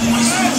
Yes.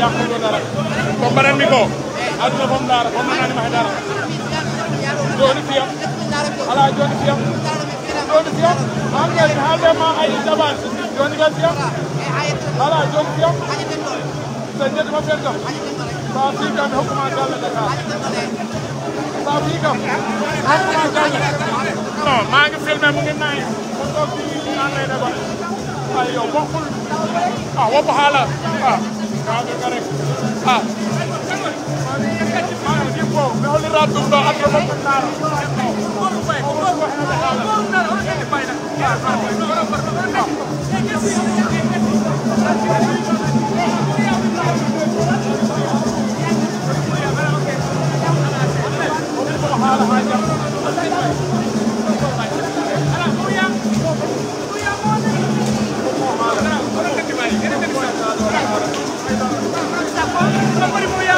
yakkuñu dara comme beneen mi ko aduna ba mu daara ba mu naan may dara jooni fiyam ala jooni fiyam jooni fiyam an kay haalde ma ay jaban jooni kay fiyam ala jooni fiyam so ñetti ma fen kam sa fi kam hokkuma galle dakar sa fi kam hokkuma galle non maa ngi filmé mu ngi nayi ko toog fi ñu naan lay debal ay yow bokkul ah woppa haala ah ah. Thank you.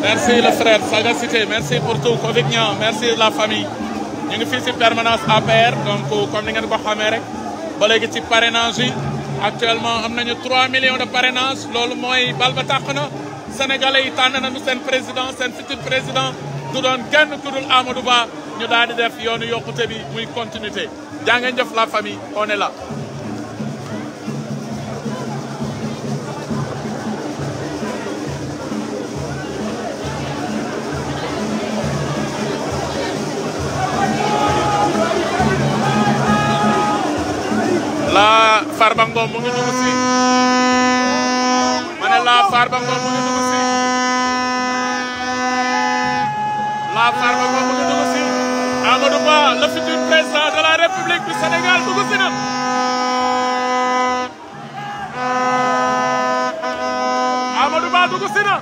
Merci le frère Cité, merci pour tout Covignan, merci la famille. Nous ngi une permanence APR donc comme ni ngeen ko xamee rek ba ci parrainage actuellement nous avons 3 millions de parrainage Nous mooy bal ba tàq sénégalais yi tànn nañu seen président seen futur président du doon kenn ku dul Amadou Ba ñu daal def yoonu yokkute bi muy continuité. jaa ngeen la famille on la Farba Ngom si ma la Farba Ngom si la Farba Ngom si Amadou Ba le futur président de la équipe du Sénégal dugg final. Amadou Ba dugg final.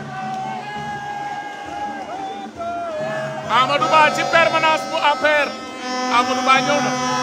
bu APR Amadou Ba ñëw na.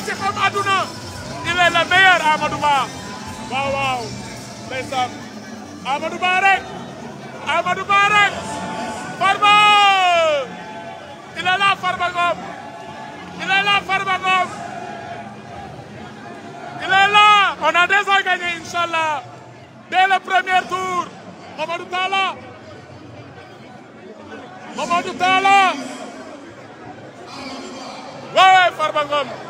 maa ci xam àdduna il est le meilleur Amadou Ba waaw waaw ndeysaan Amadou Ba rek Amadou Ba rek Farba il est là Farba Ngom il est là Farba Ngom il est là on a déjà gagné inchallah dès le premier tour Mamadou Talla Mamadou Talla waaw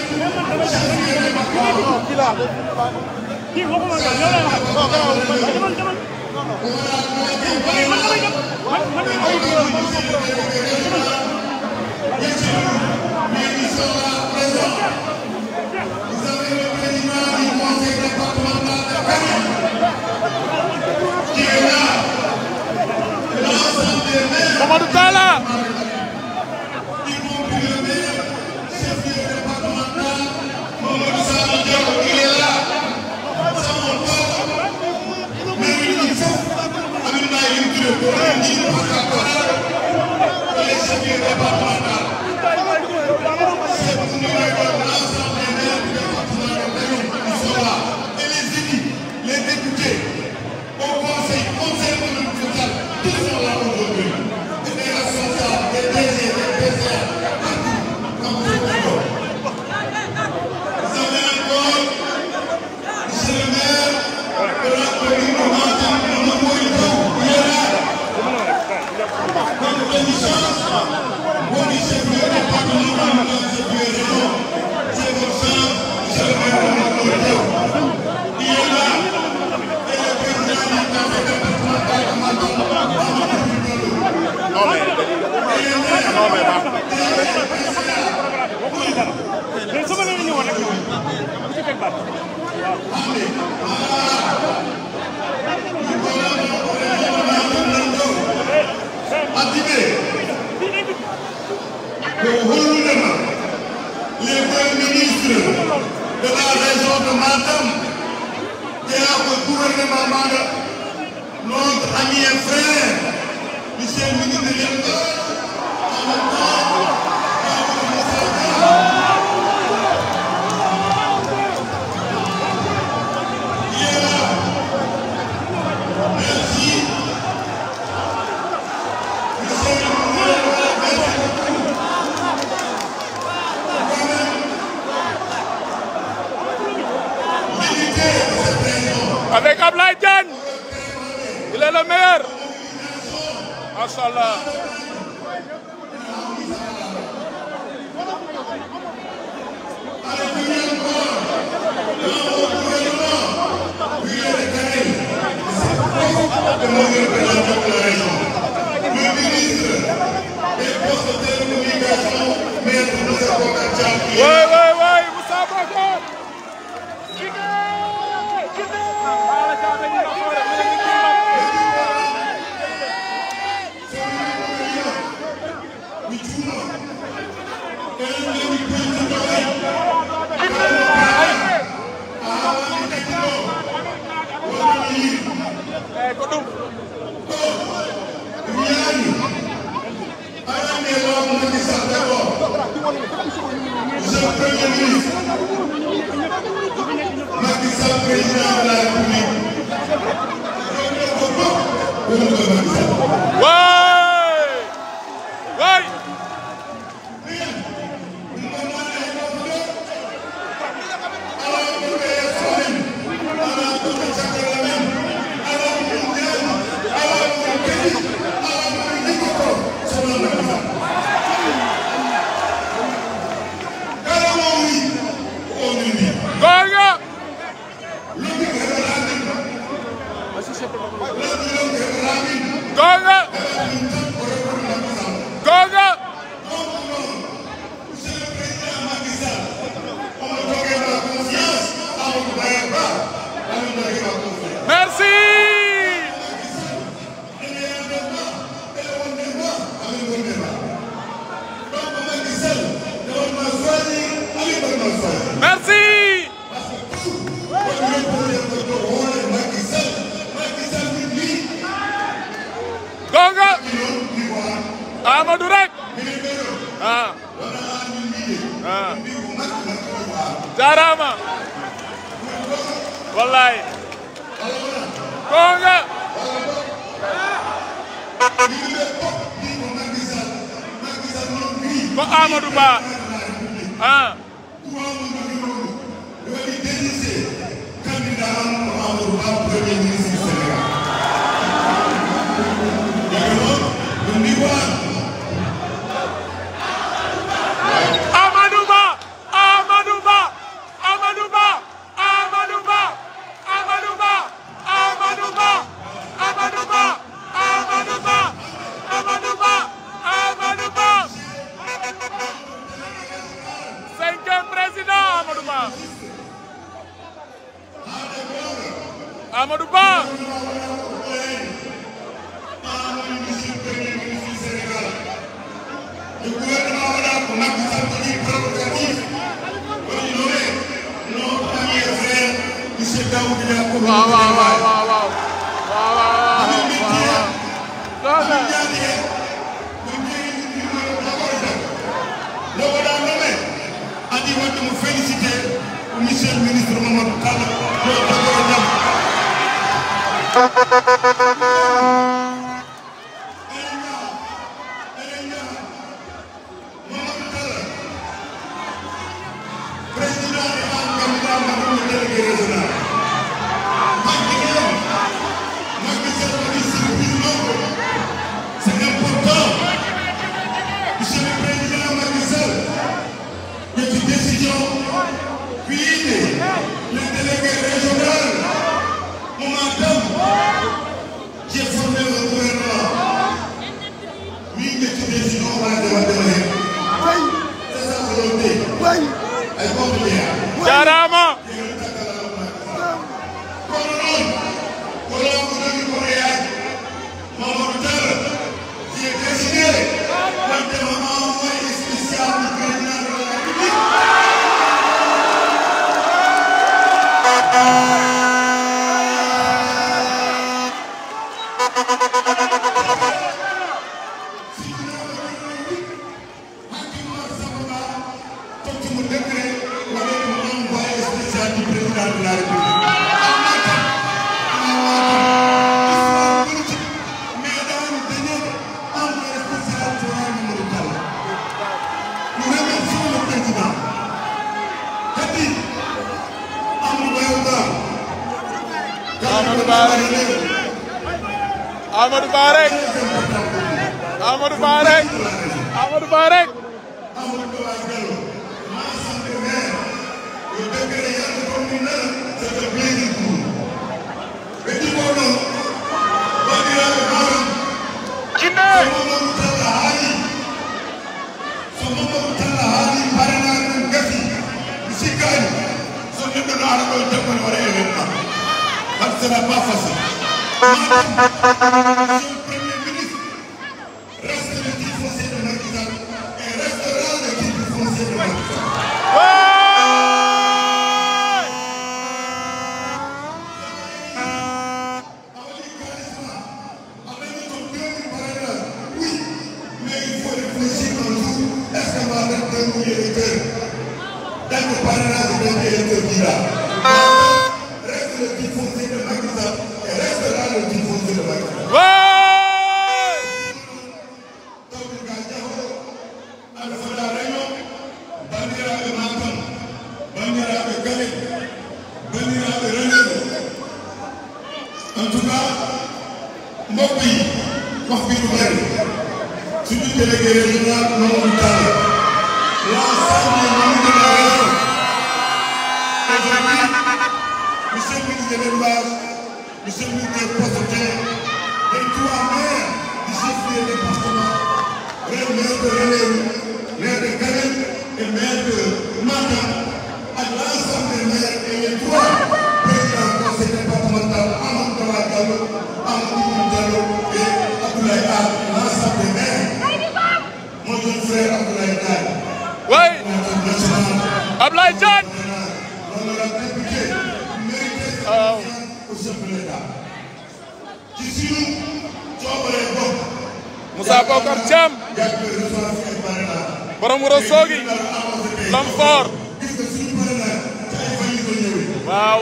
Mamadou Talla Thank you. notre ami et frère, Michel Ministre avec Ablaïden, Il est le meilleur. Le ministre de la région. Le ministre des Postes le premier ministre Macky Sall président de la République mbokk yi tu bi délégué régional non l'ensemble de la région aujourd'hui monsieur le ministre de l'élevage monsieur le ministre des postes les du chef de département maire de Ranérou maire de Calais et maire de Mata, à l'ensemble des maires et les Amadou Diallo et Abdoulaye Al l'ensemble des borom Ourossogui. l'homme fort. waaw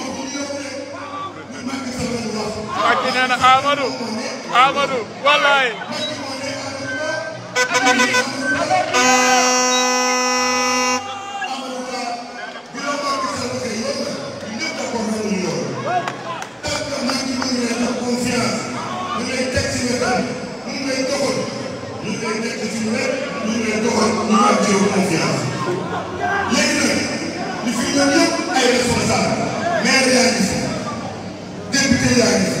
Mbacke nee na Amadou Amadou wallaay léegi nag li fi ñëw yëpp ay responsable maire yaa ngi fi député yaa ngi fi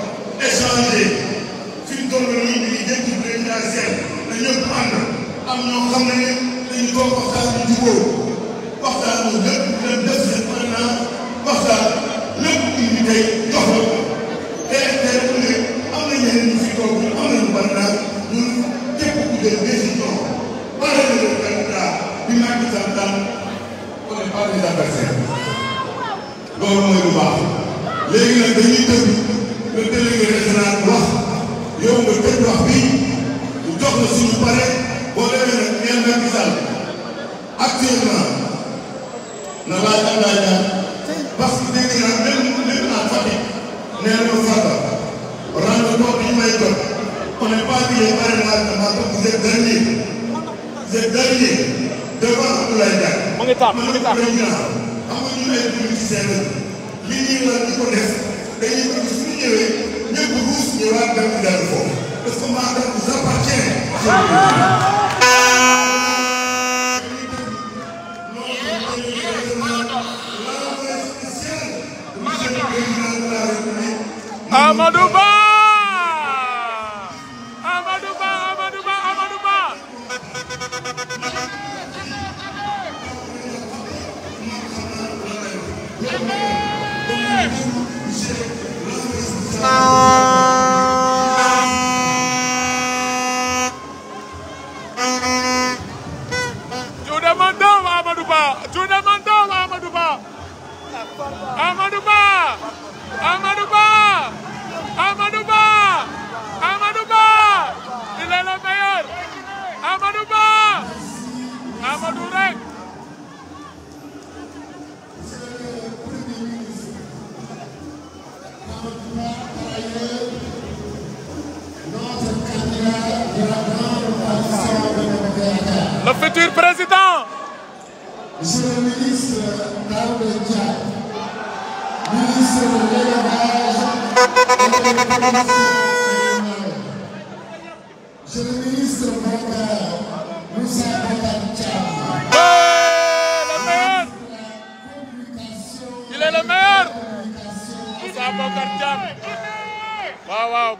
échanger fi mu toll nii dañuy jëm ci présidentielle na ñëpp ànd am ñoo xam ne dañu toog waxtaan bu jubóo waxtaan bu lépp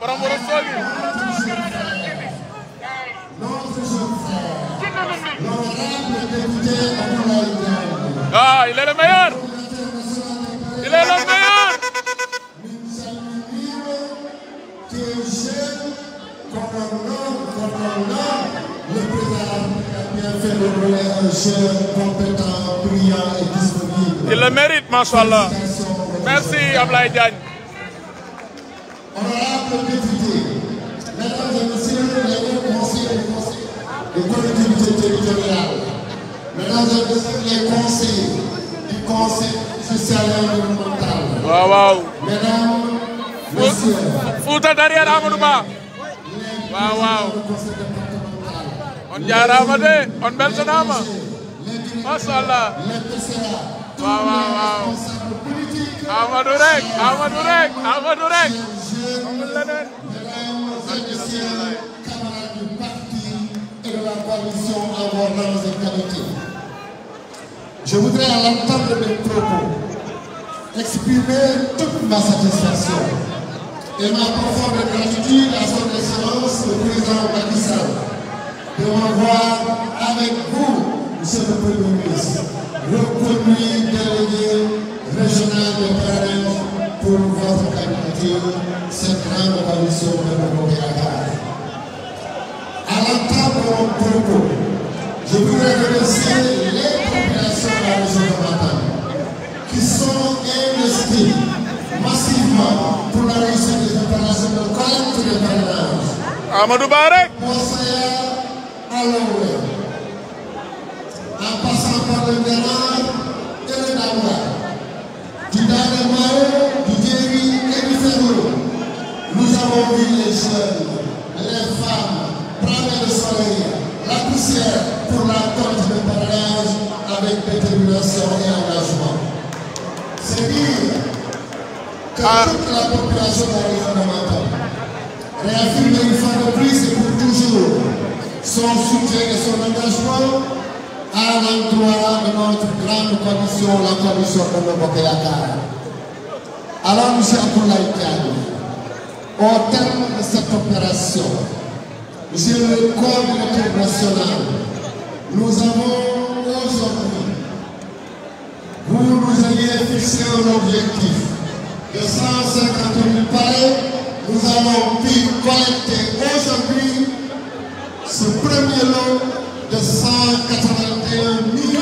borom war a soogi ah il est le meilleur il est le meilleur le président a bien fait il le mérite, Machallah. Merci, Ablaye Diagne. les conseils du Conseil social et environnemental. Wow, wow. Mesdames, Messieurs, Fouta derrière Amadouba. Wow, wow. On y a ramadé, on belle son âme. Mashallah. Wow, wow, wow. Amadou Rek, Amadou Rek, Amadou Rek. Mesdames, Messieurs, camarades du parti et de la coalition Amadou Rek. Je voudrais à l'entente de mes propos exprimer toute ma satisfaction et ma profonde gratitude à son excellence le président Macky de m'avoir avec vous, monsieur le Premier ministre, premier délégué régional de Paris pour votre candidature, cette grande coalition de l'Europe à À l'entente de mon propos, je voudrais remercier les opérations de qui sont investies massivement pour la réussite des opérations de collecte de parrainage. Amadou Barek à en passant par le Bénin et le Dawa, du Danemao, du Djeri et du Féroulou. Nous avons vu les jeunes, les femmes, prendre le soleil, la poussière pour la tente de parrainage avec détermination et engagement. C'est dire que ah. toute la population de Matam réaffirme une fois de plus et pour toujours son soutien et son engagement à l'endroit de notre grande commission, la commission de Nobokéakar. Alors, M. Akoulaïkan, au terme de cette opération, Monsieur le coordinateur national, nous avons vous nous aviez fixé un objectif de 150 000 palais. Nous avons pu collecter aujourd'hui ce premier lot de 181 000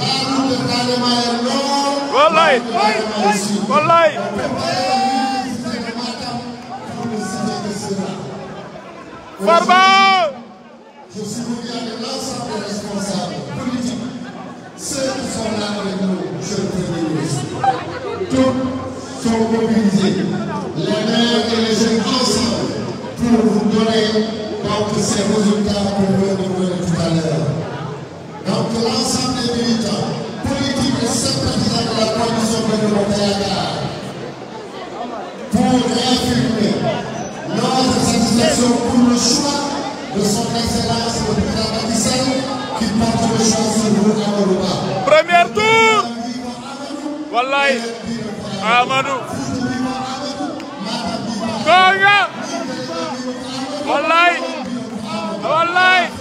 je suis de l'ensemble des ceux qui sont là avec nous le sont mobilisés les mères et les jeunes ensemble pour vous donner donc ces résultats que vous nous tout à l'heure que l'ensemble des militants politiques et sympathisants de la coalition communautaire pour réaffirmer notre satisfaction pour le choix de son excellence le président Matissel qui porte le choix sur vous à Moluba. Premier tour Wallahi Amadou Konga Wallahi Wallahi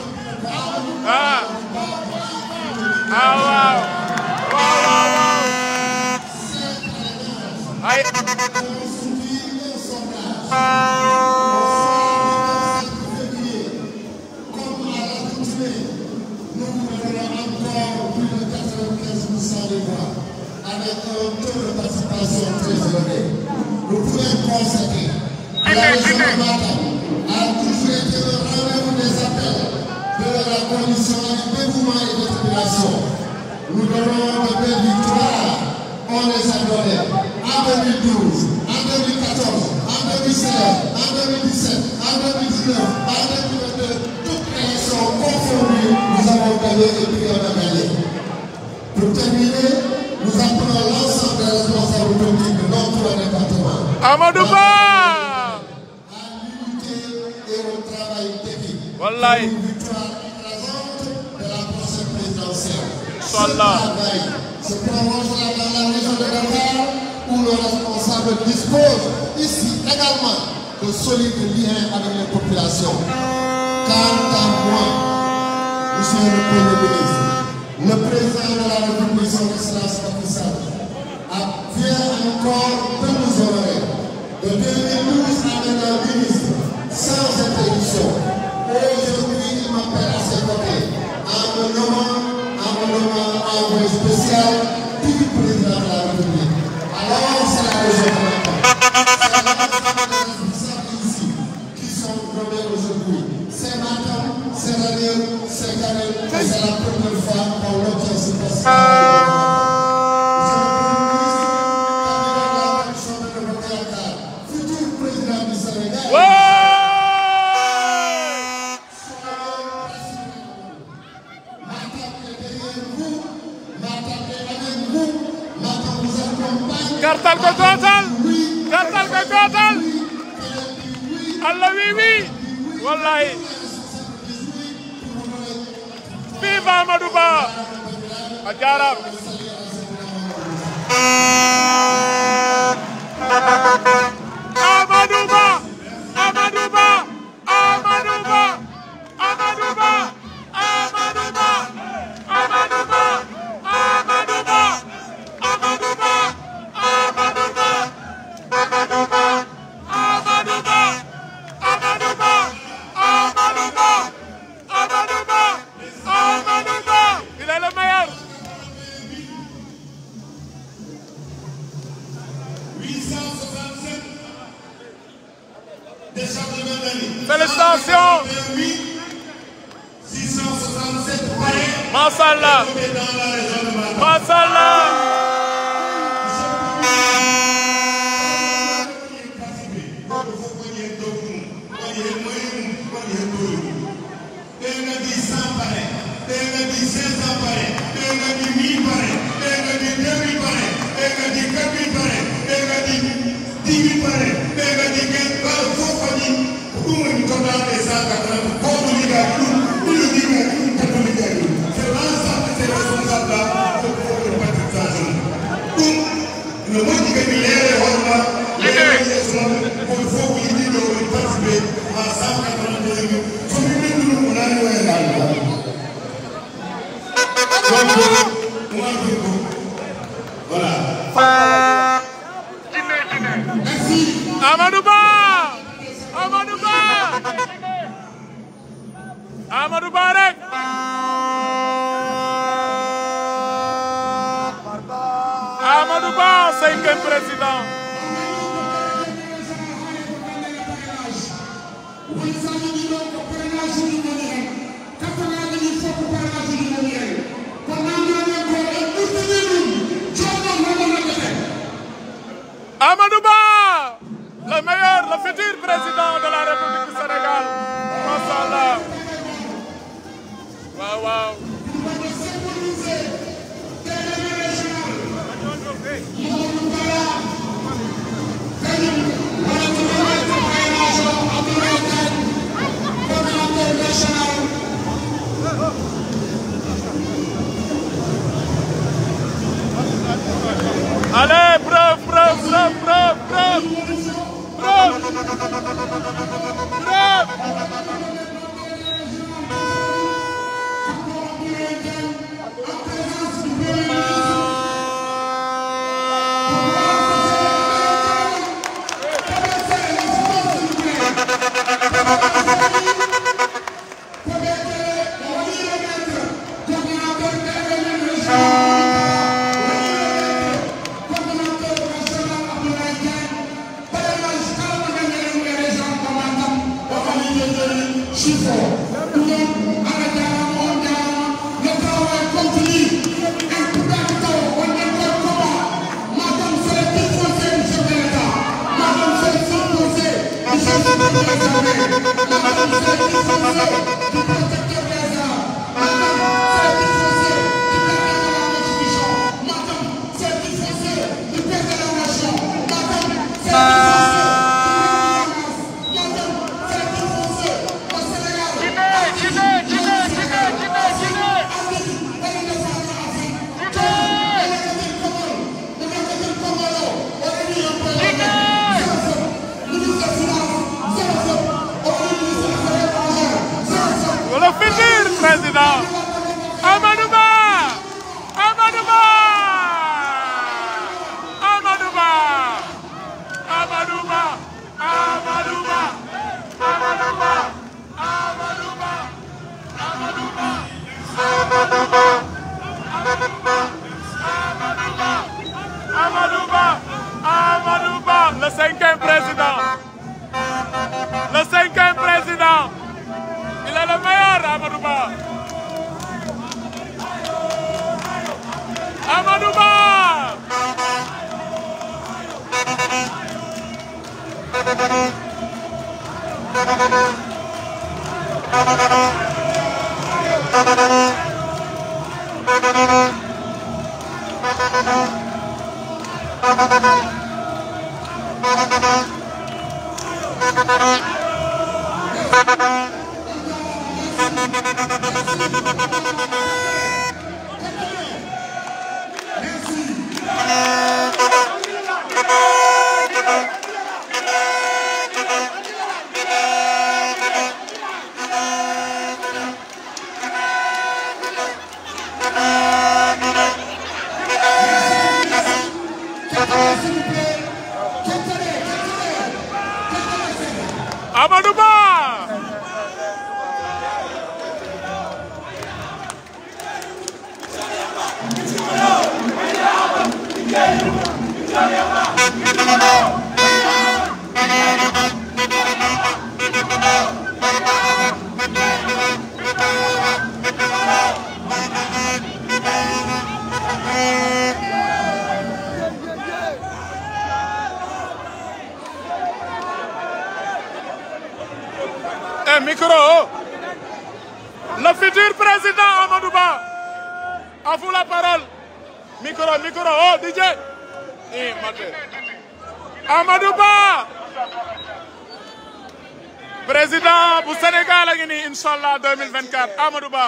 yaakaar Amadou Ba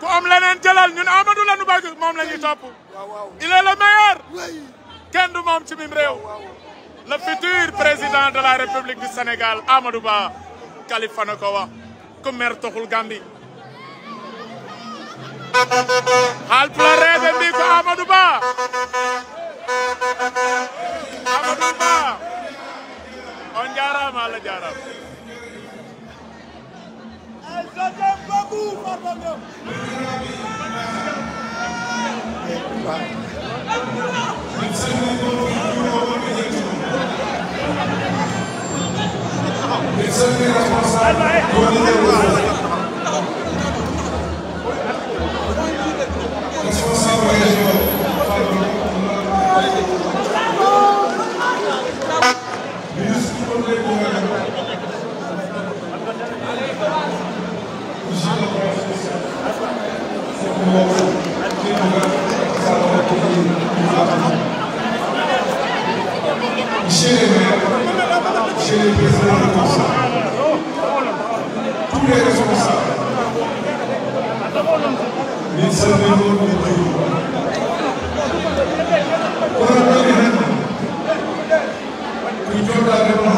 ku am leneen jëlal ñun Amadou la nu bëgg moom la ñuy topp il est le meilleur kenn du moom ci mim réew le futur président de la République du Sénégal Amadou Ba Kaliphone ko wax ku mer taxul Gambie 拜拜 min sarrihi wa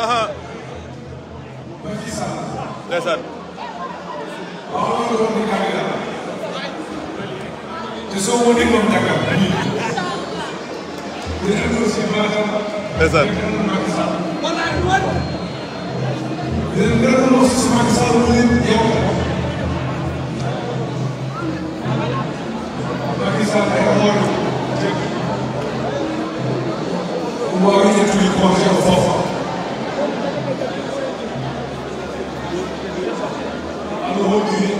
aha soo wóoteeg moom Dakar. bu dee am aussi maanaam. ndeysaan. yéen gërëm aussi si Macky Sall mu leen yow. Macky Sall ay amoon. bu boobaa ñu nekk nii commencé ko foofa. alors que.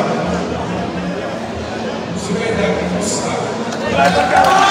vai tocar.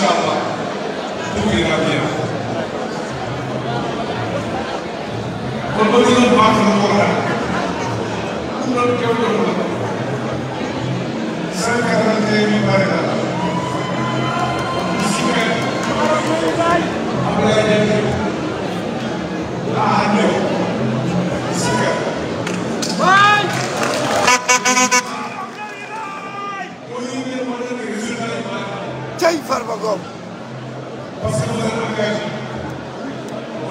incha allah tout ira bien. kon ba ñu doon baax na ko daal. ku doon teew doon la. seen quarante yu bari la. su fekkee. Abdoulaye Diagne. ah ñëw. su fekkee. Farba Gomes. Passamos a congregação.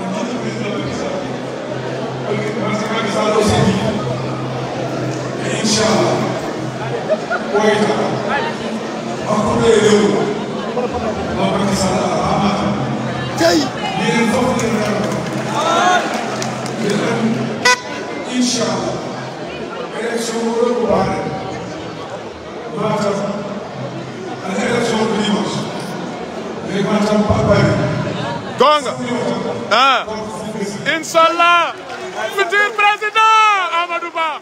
Mandido presidente da Mas realizado o seguinte. Inxalá. Oita. Acolhereu. Lá para que sala a mata. E aí? E ele foi condenado. Inxalá. Ele é o senhor Uruguai. gonga ah inshallah futur président Amadou Ba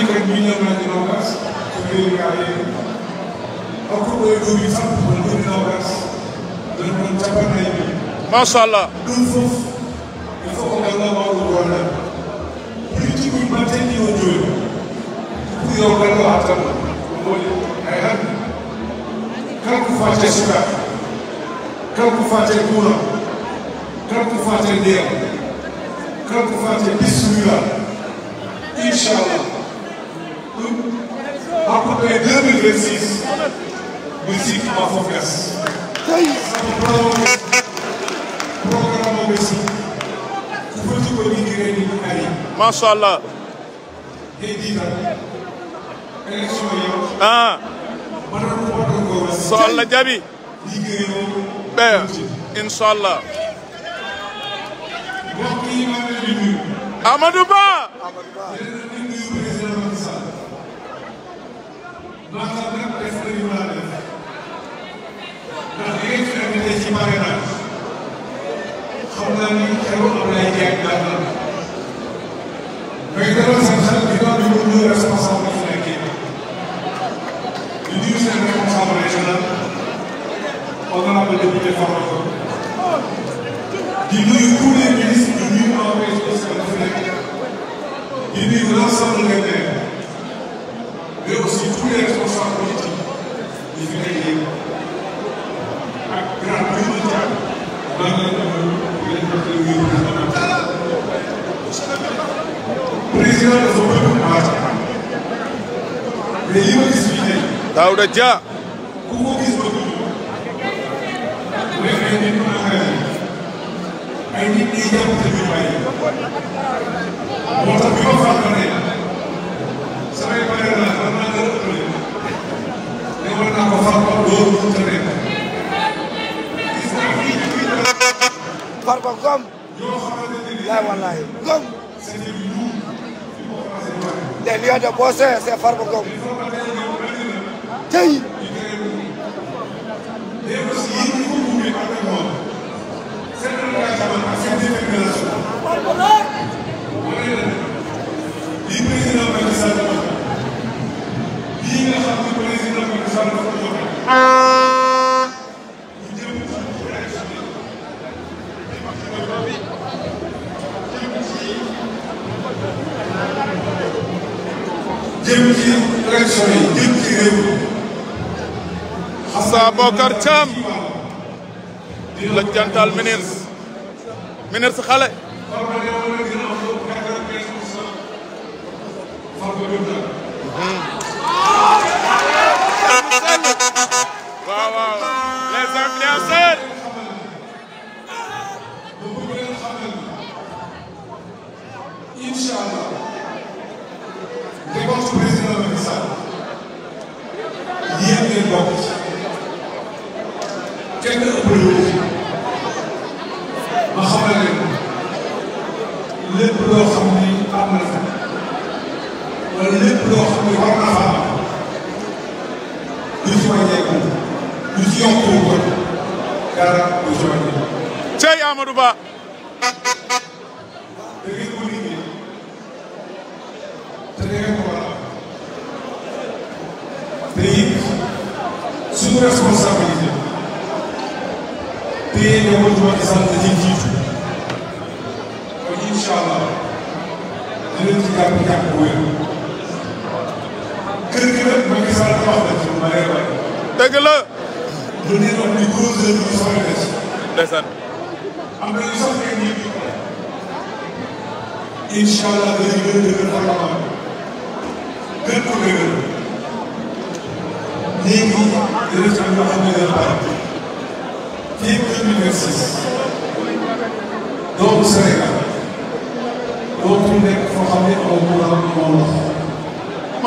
dica di millionati nogas, quelli che hanno occupato il turismo, quelli nogas, del après 2026 muy cycle ma foofu programme maanaam nag esprit yu laa def ndax li ngeen fi invité ci parrainage xam naa ni xew Ablaye Ndiaye daan na mais dara seen xel di doon di ñu responsable yu nekkee di nuyu seen responsable régional honorable député Farmato di nuyu tous les ministres di nuyu en fait di nuyu l'ensemble des maires fonction politique di fi nekk yëpp ak grand bi ñu ci am maa ngi leen di leen jox leen wéy président de son peuple maa ci am mais yi ma gis fii tey Daouda Dia ku ko gis ba ko nekk ay nit ñu ay nit ñi jàpp te ñu bàyyi moo tax bi ma fàttali ne samay pare la xam naa dara agora na fala para o outro também. Farba, come. Lai, wallahi. Come. The leader boss say não. come. Tell you. Thiam la jantal ministre ministre xale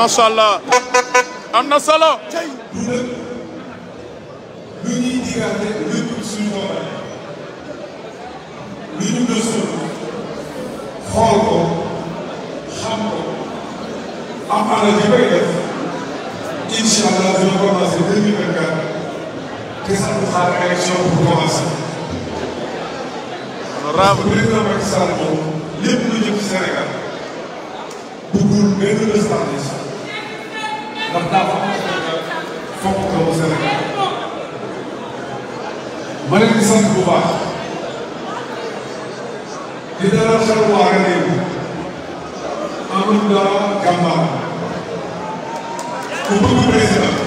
macha allah am na solo. du lépp lu ñuy diggante lépp suñu boppam lu ñu gëstu xool ko xam ko am alal yi koy def incha allah dina commencé deux mille vingt quatre te sax mu xaar élection pour commencé. honorable président Macky Sall moom lépp lu jëm ci Sénégal bëggul benn ndax daa foog foog doomu Sénégal ma leen di sant bu baax di dalal xel ku bëgg président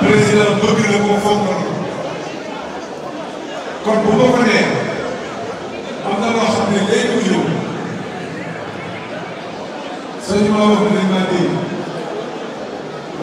président bëgg na ko foog na kon bu ma ko nee am na loo xam ne léegi mu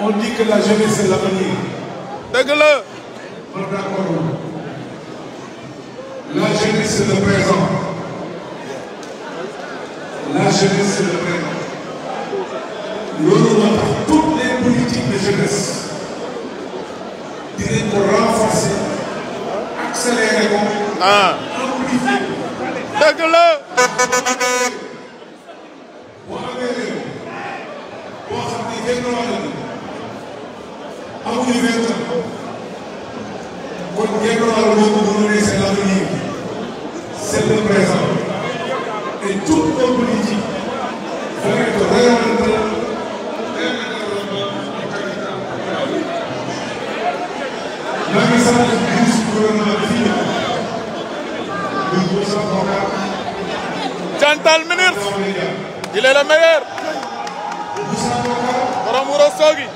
on dit que la jeunesse est l'avenir. la. la jeunesse est le présent. la jeunesse est le présent. Nous avons toutes les politiques de jeunesse dinañ ko renforcer accélérer ah. amplifier. benn wàll la il est le Buuro Soogi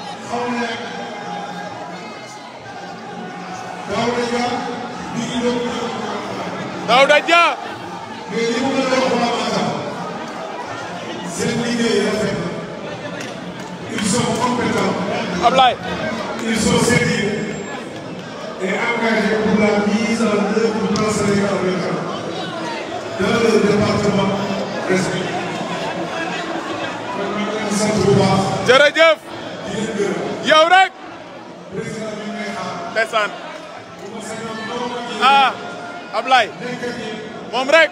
Daouda Dia ils sont compétents Ablaye ils sont sérieux et engagés pour la mise en œuvre du plan Sénégal émergent dans le département respecté jërëjëf ndeysaan ah Ablaye moom rek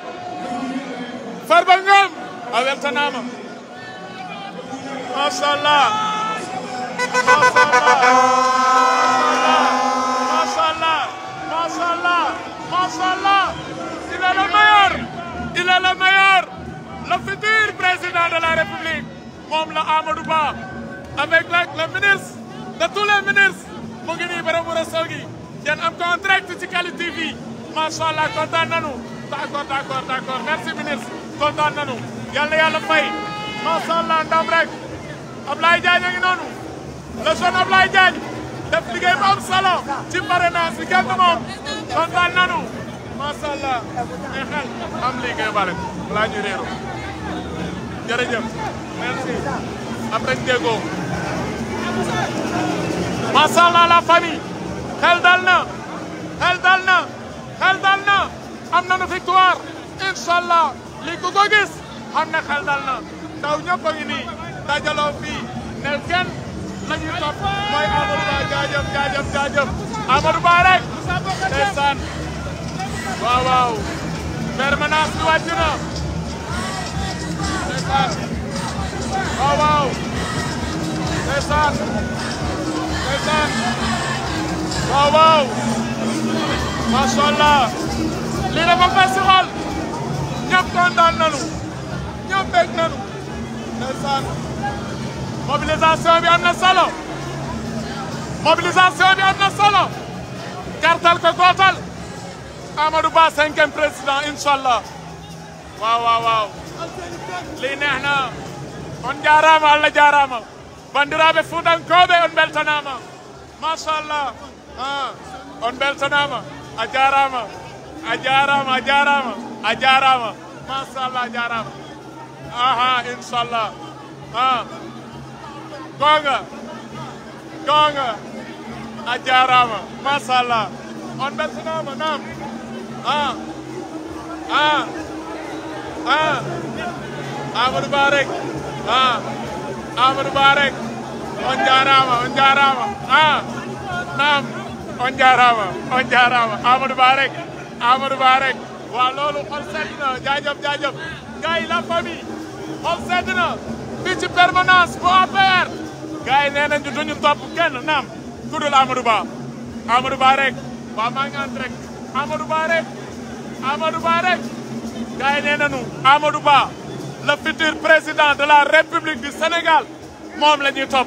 Farba Ngom a weltanaama macha allah macha allah macha allah macha allah il est le meilleur il de la République moom la Amadou Ba avec le ministre de tous les ministres mu ngi nii bërëbu Rasuul gi yéen am ko en Kali TV macha allah kontaan nañu d' accord d' accord d' accord merci ministre kontaan nañu yàlla yàlla fay macha allah ndam rek Ablaye Diagne a ngi noonu le jeune Ablaye Diagne def liggéey bu am solo ci parrainage bi kenn du moom kontaan nañu macha allah ay xel am liggéey bale balaa ñu réero jërëjëf merci après ñu déggoo macha allah xel dal na xel dal na xel dal na am nañu victoire incha allah li ku ko gis xam ne xel dal na ndaw ñëpp a ngi nii dajaloo fii ne kenn la topp mooy Amadou Ba jaajëf jaajëf jaajëf Amadou Ba rek ndeysaan waaw waaw permanence bi wàcc na ndeysaan waaw waaw ndeysaan waaw waaw macha allah lii dafa fees si xol ñëpp kontaan nañu ñëpp bég nañu ndeysaan mobilisation bi am na solo mobilisation bi am na solo kartal ko gootal Amadou Ba cinquième président incha allah waaw waaw waaw lii neex na kon jaaraama Allah jaaraama bandiraɓe fuutankoɓe on beltanama machallah on beltanama a jarama a jarama a jarama a jarama machallah a jarama aha inchallah a gonga gonga a jarama machallah on beltanama nam a a a amadou ba rek Amadou Ba rek on jaaraama on jaaraama ah naam on jaaraama on loolu xol sedd na jaajëf jaajëf gars la famille xol sedd na fii ci permanence bu APR gars yi topp kenn naam ku dul Amadou Ba Amadou Ba rek waaw maa ngi ànd rek Amadou Ba rek Amadou Ba rek gars yi nee nañu Amadou la futur président de la république du Sénégal moom la ñuy topp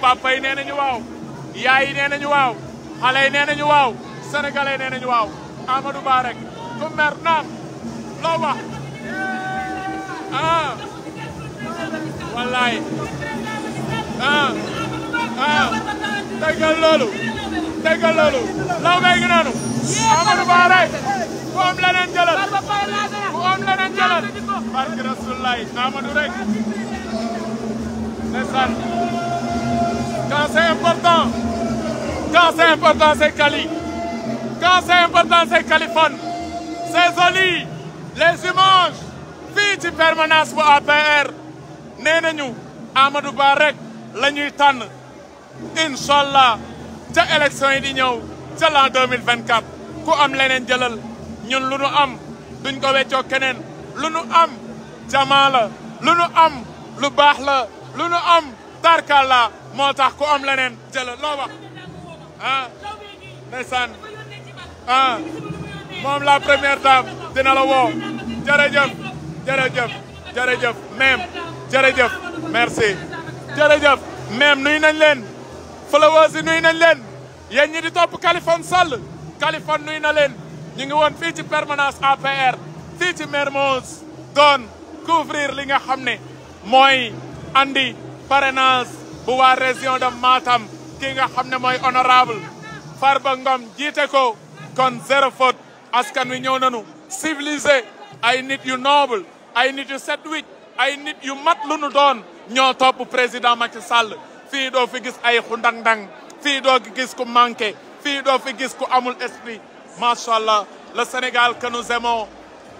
papa yi nee waaw yaay yi nee waaw xale yi nee waaw sénégalais yi nee waaw Amadou Ba rek ku naan loo wax ah. wallaay ah waaw déggal loolu déggal loolu law bee ngi am leneen jëlal ku am leneen jëlal barke Rasulullah Amadou rek ndeysaan quand c'est important quand c'est important c'est Kali quand c'est les dimanches fii ci permanence bu APR nee nañu Amadou Ba rek la ñuy incha allah ca élection yi di ñëw ca l'an ku am leneen jëlal ñun lu nu am duñ ko weccoo keneen lu nu am jamaa la lu nu am lu baax la lu nu am tarkal la moo tax ku am leneen jëlal loo wax ah, ah moom la première dame dina la woo jërëjëf jërëjëf jërëjëf même jërëjëf merci jërëjëf nuy nañ leen followers yi nuy nañ leen yéen ñi di topp Kaliphone Sall Kaliphone nuy na leen ñu ngi woon fii ci permanence APR fii ci doon couvrir li nga xam ne mooy andi parrainage bu waa région de Matam ki nga xam ne mooy honorable Farba Ngom jiite ko kon zéro faute askan wi ñëw nañu civilisé ay nit yu noble ay nit yu set wicc ay nit yu mat lu nu doon ñoo topp président Macky Sall fii doo fi gis ay xu ndang-ndang fii doo fi gis ku manqué fii doo fi gis ku amul esprit macha allah le Sénégal que nous aimons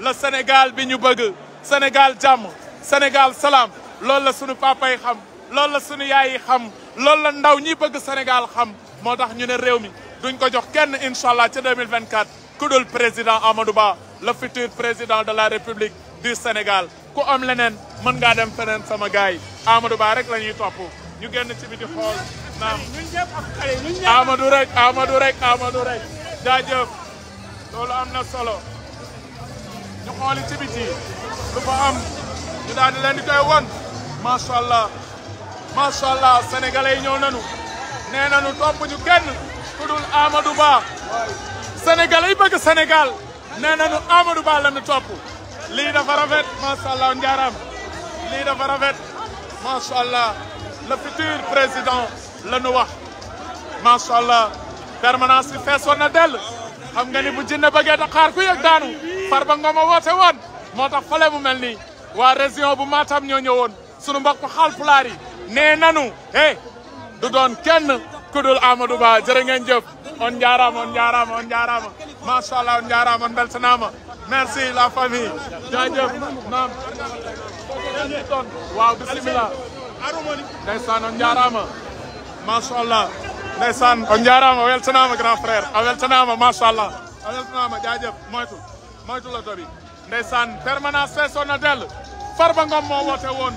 le Sénégal bi ñu bëgg Sénégal jàmm Sénégal salaam loolu la suñu papa yi xam loolu la suñu yaay yi xam lool la ndaw ñi bëgg Sénégal xam moo tax ñu ne réew mi duñ ko jox kenn incha allah ca 2024 ku dul président Amadou Ba le futur président de la République du Sénégal ku am leneen mën ngaa dem feneen sama gars yi Amadou rek la ñuy topp ñu génn ci biti xool naam rek Amadou rek rek jaajëf loolu am na solo ñu xooli ci lu fa am ñu daal di leen di koy won macha allah macha allah sénégalais yi ñëw nañu nee nañu topp ñu kenn ku dul Amadou Ba sénégalais yi bëgg Sénégal nee nañu Amadou Ba la ñu topp lii dafa rafet macha allah njaaram lii dafa rafet macha allah. le futur président le noir machallah permanence bi feesoon na xam nga ni bu jinne beugé da xaar ku yak daanu far ba a woté won motax fale mu melni wa région bu Matam ñoo ñëwoon sunu mbokk Haalpulaar yi né nanu hé du doon kenn ku dul Amadou Ba jërë ngeen jëf on jaaraama on jaaraama on jaaraama macha allah on jaaraama on sanama merci la famille jaajëf naam waaw bisimilah ndeysaan on jaaraama macha allah ndeysaan on jaaraama a grand frère a weltanaama allah a weltanaama jaajëf moytu moytu la tori ndeysaan permanence fe son hôtel Farba Ngom moo woote woon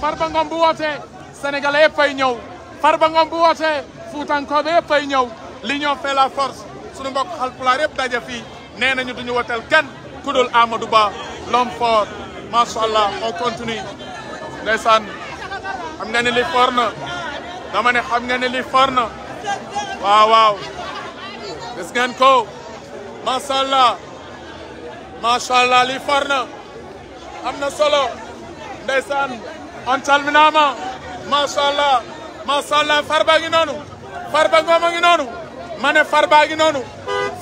Farba Ngom bu wootee sénégalais yëpp ay ñëw Farba Ngom bu wootee fuutankoobe yëpp ay ñëw l'union fait la force suñu mbokk Haalpulaar yëpp daje fii nee nañu duñu woteel kenn ku dul Amadou Ba l'homme fort macha allah on continue xam nga ne li for na dama ne xam nga ne li for na waaw waaw gis ngeen ko macha allah macha allah li for na am na solo ndeysaan on calminaama macha allah macha allah farba ngi noonu farba ngoom a ngi noonu ma ne farba ngi noonu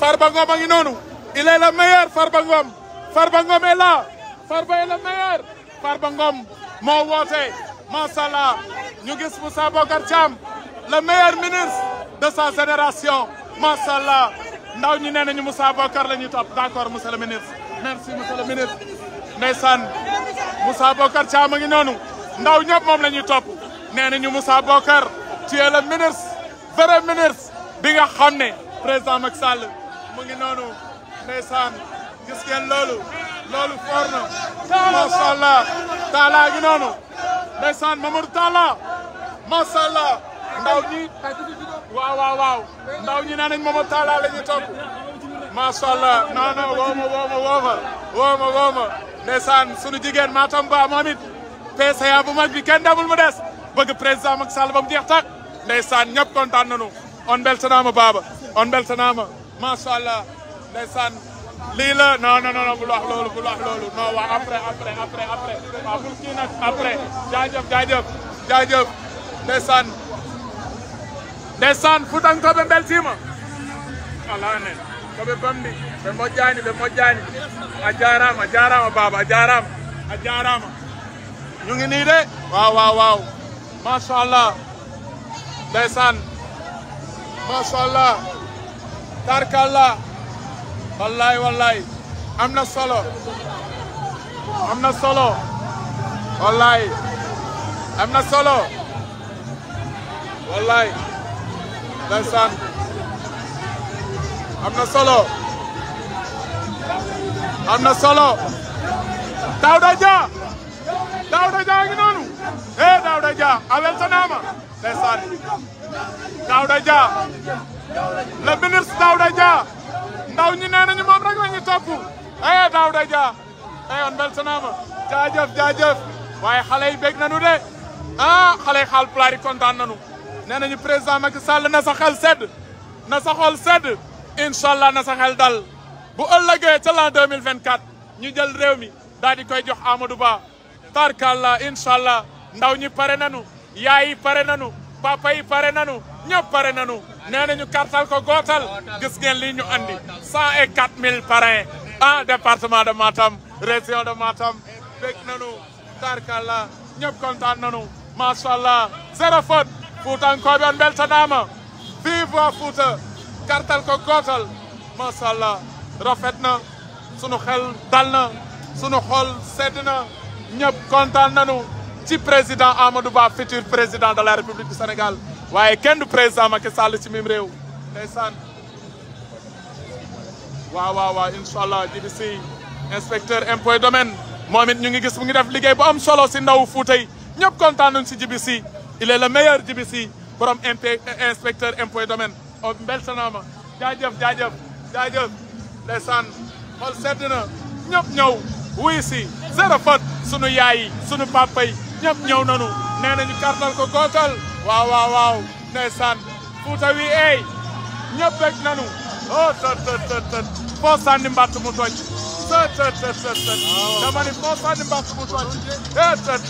farba ngoom a ngi noonu il est le meilleur farba ngoom farba ngoom est là farba est le meilleur farba ngoom moo woote macha allah ñu gis Moussa Bocar Thiam le meilleur ministre de sa génération macha allah ndaw ñi nee nañu Moussa Bocar la ñuy topp d' accord monsieur le ministre. merci monsieur le ministre ndeysaan Moussa Bocar Thiam a ngi noonu ndaw ñëpp moom la ñuy topp nee nañu Moussa Bocar tu es le ministre vrai ministre bi nga xam ne président Macky Sall mu ngi noonu ndeysaan gis ngeen loolu. loolu foor na macha allah noonu ndeysaan Mamadou Talla macha allah ndaw ñi waaw waaw waaw ndaw ñi nee nañ Mamadou Talla la ñuy topp macha allah non non woo ma woo ma woo ma woo ma woo ma ndeysaan sunu jigéen bu mag bi kenn demul mu des bëgg président Macky Sall ba mu jeex tak ndeysaan ñëpp kontaan nañu on beltanaama baaba on beltanaama macha allah ndeysaan lii la non non non bul wax loolu bul wax loolu non bul kii nag après jaajëf jaajëf jaajëf ndeysaan ndeysaan futankoɓe beltima alane koɓe bamdi ɓe moƴƴani ɓe moƴƴani a jarama a jarama baba a jarama a jarama ñu ngi nii de waaw tarkallah wallaay wallaay am na solo am na solo wallaay am na solo wallaay am na solo am na solo Daouda Dia Daouda Dia noonu eh Daouda Dia alel Sonama ndeysaan Daouda Dia le ministre Daouda Dia ndaw ñi nee nañu moom rek la ñu topp eh Daouda Dia eh on bel sanama jaajëf jaajëf waaye xale yi bég nañu de ah xale yi Haalpulaar yi kontaan nañu nee nañu président Macky Sall na sa xel sedd na sa xol sedd incha na sa xel dal bu ëllëgee ca l'an 2024 ñu jël réew mi daal di koy jox Amadou Ba tarkalla incha allah ndaw ñi pare nañu yaay yi pare nañu papa yi pare nanu ñëpp pare nanu nee nañu kartal ko gootal gis li ñu andi cent et quatre mille parrain en de Matam région de Matam bég nanu tarkalla ñëpp kontaan nanu macha allah zéro faute fuutankooɓe on mbeltanaama vive wa fuuta kartal ko gootal macha allah rafet na sunu xel dal na sunu xol sedd na kontaan nanu ci président Amadou Ba futur président de la République du Sénégal waaye kenn président Macky Sall ci mim réew ndeysaan Wa wa wa. Inshallah, allah inspecteur impôt domaine moom it ñu ngi gis mu ngi def liggéey bu am solo si ndaw Fuuta yi ñëpp kontaan nañ il est le meilleur jibi si borom inspecteur impôt domaine o oh, mbeltanaama jaajëf jaajëf jaajëf ndeysaan xool sedd na ñëpp ñëw wuy si zéro faute sunu yaay sunu papa ñëpp ñëw nanu nee nañu kartal ko gootal waaw waaw waaw ndeysaan Fuuta wi eey ñëpp bég nanu oh tët tët tët tët foo sànni mbàtt mu toj tët mu toj tët tët tët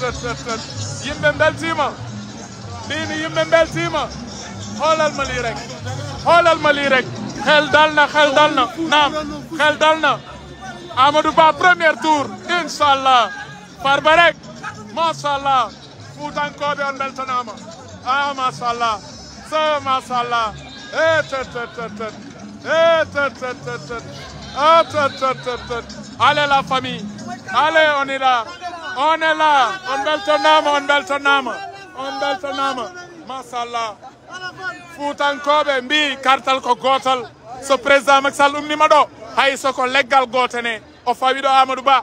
tët tët eh, yimɓe mbeltiima lii ni rek xoolal ma rek xel dal na xel dal na naam xel dal na Amadou Ba premier tour incha allah Farba rek mashallah fuutankoɓe ah, eh, eh, ah, on beltanama a mashallah so mashallah e tet tet tet tet e tet tet tet tet a tet tet tet tet allez la famille allez on est là on est là on beltanama on beltanama on beltanama mashallah fuutankoɓe mbi kartal ko gotal so président maksall umnima ɗo hay soko leggal gotene o fawi ɗo amadou ba